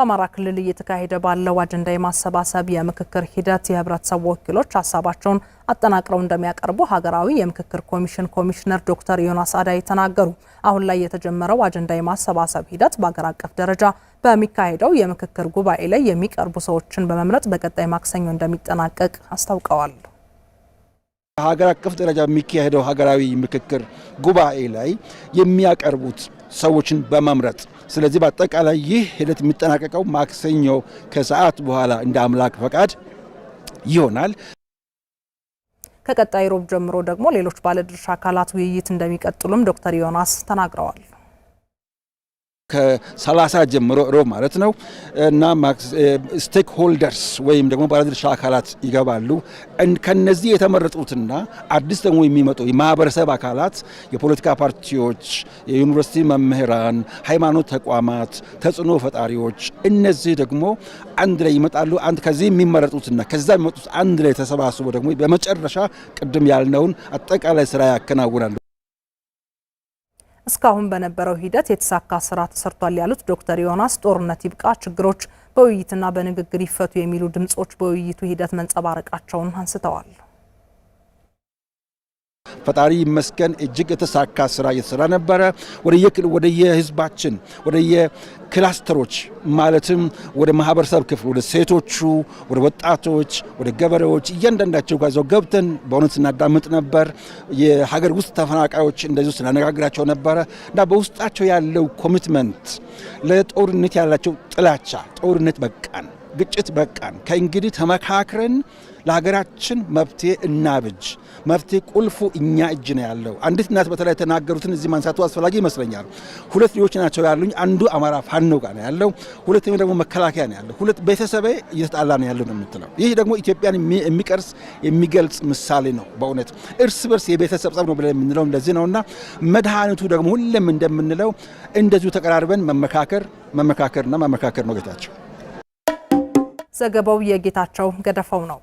በአማራ ክልል እየተካሄደ ባለው አጀንዳ የማሰባሰብ የምክክር ሂደት የህብረተሰቡ ወኪሎች ሀሳባቸውን አጠናቅረው እንደሚያቀርቡ ሀገራዊ የምክክር ኮሚሽን ኮሚሽነር ዶክተር ዮናስ አዳይ ተናገሩ። አሁን ላይ የተጀመረው አጀንዳ የማሰባሰብ ሂደት በሀገር አቀፍ ደረጃ በሚካሄደው የምክክር ጉባኤ ላይ የሚቀርቡ ሰዎችን በመምረጥ በቀጣይ ማክሰኞ እንደሚጠናቀቅ አስታውቀዋል። ሀገር አቀፍ ደረጃ የሚካሄደው ሀገራዊ ምክክር ጉባኤ ላይ የሚያቀርቡት ሰዎችን በመምረጥ ስለዚህ በአጠቃላይ ይህ ሂደት የሚጠናቀቀው ማክሰኞ ከሰዓት በኋላ እንደ አምላክ ፈቃድ ይሆናል። ከቀጣይ ሮብ ጀምሮ ደግሞ ሌሎች ባለድርሻ አካላት ውይይት እንደሚቀጥሉም ዶክተር ዮናስ ተናግረዋል። ከ30 ጀምሮ ሮብ ማለት ነው እና ስቴክ ሆልደርስ ወይም ደግሞ ባለድርሻ አካላት ይገባሉ። ከነዚህ የተመረጡትና አዲስ ደግሞ የሚመጡ የማህበረሰብ አካላት የፖለቲካ ፓርቲዎች፣ የዩኒቨርሲቲ መምህራን፣ ሃይማኖት ተቋማት፣ ተጽዕኖ ፈጣሪዎች እነዚህ ደግሞ አንድ ላይ ይመጣሉ። አንድ ከዚህ የሚመረጡትና ከዛ የሚመጡት አንድ ላይ ተሰባስቦ ደግሞ በመጨረሻ ቅድም ያልነውን አጠቃላይ ስራ ያከናውናሉ። እስካሁን በነበረው ሂደት የተሳካ ስራ ተሰርቷል ያሉት ዶክተር ዮናስ ጦርነት ይብቃ፣ ችግሮች በውይይትና በንግግር ይፈቱ የሚሉ ድምጾች በውይይቱ ሂደት መንጸባረቃቸውን አንስተዋል። ፈጣሪ ይመስገን እጅግ የተሳካ ስራ እየተሰራ ነበረ። ወደ ወደየህዝባችን የክላስተሮች ማለትም ወደ ማህበረሰብ ክፍል ወደ ሴቶቹ፣ ወደ ወጣቶች፣ ወደ ገበሬዎች እያንዳንዳቸው ጋዘው ገብተን በእውነት ስናዳምጥ ነበር። የሀገር ውስጥ ተፈናቃዮች እንደዚሁ ስናነጋግራቸው ነበረ እና በውስጣቸው ያለው ኮሚትመንት ለጦርነት ያላቸው ጥላቻ ጦርነት በቃን ግጭት በቃን። ከእንግዲህ ተመካክረን ለሀገራችን መፍትሄ እናብጅ። መፍትሄ ቁልፉ እኛ እጅ ነው ያለው። አንዲት እናት በተለይ የተናገሩትን እዚህ ማንሳቱ አስፈላጊ ይመስለኛል። ሁለት ልጆች ናቸው ያሉኝ። አንዱ አማራ ፋኖ ጋር ነው ያለው፣ ሁለተኛው ደግሞ መከላከያ ነው ያለው። ሁለት ቤተሰቤ እየተጣላ ነው ያለው ነው የምትለው። ይህ ደግሞ ኢትዮጵያን የሚቀርስ የሚገልጽ ምሳሌ ነው። በእውነት እርስ በርስ የቤተሰብ ጸብ ነው ብለን የምንለው እንደዚህ ነውና መድኃኒቱ ደግሞ ሁሌም እንደምንለው እንደዚሁ ተቀራርበን መመካከር መመካከርና መመካከር ነው ጌታቸው ዘገባው የጌታቸው ገደፈው ነው።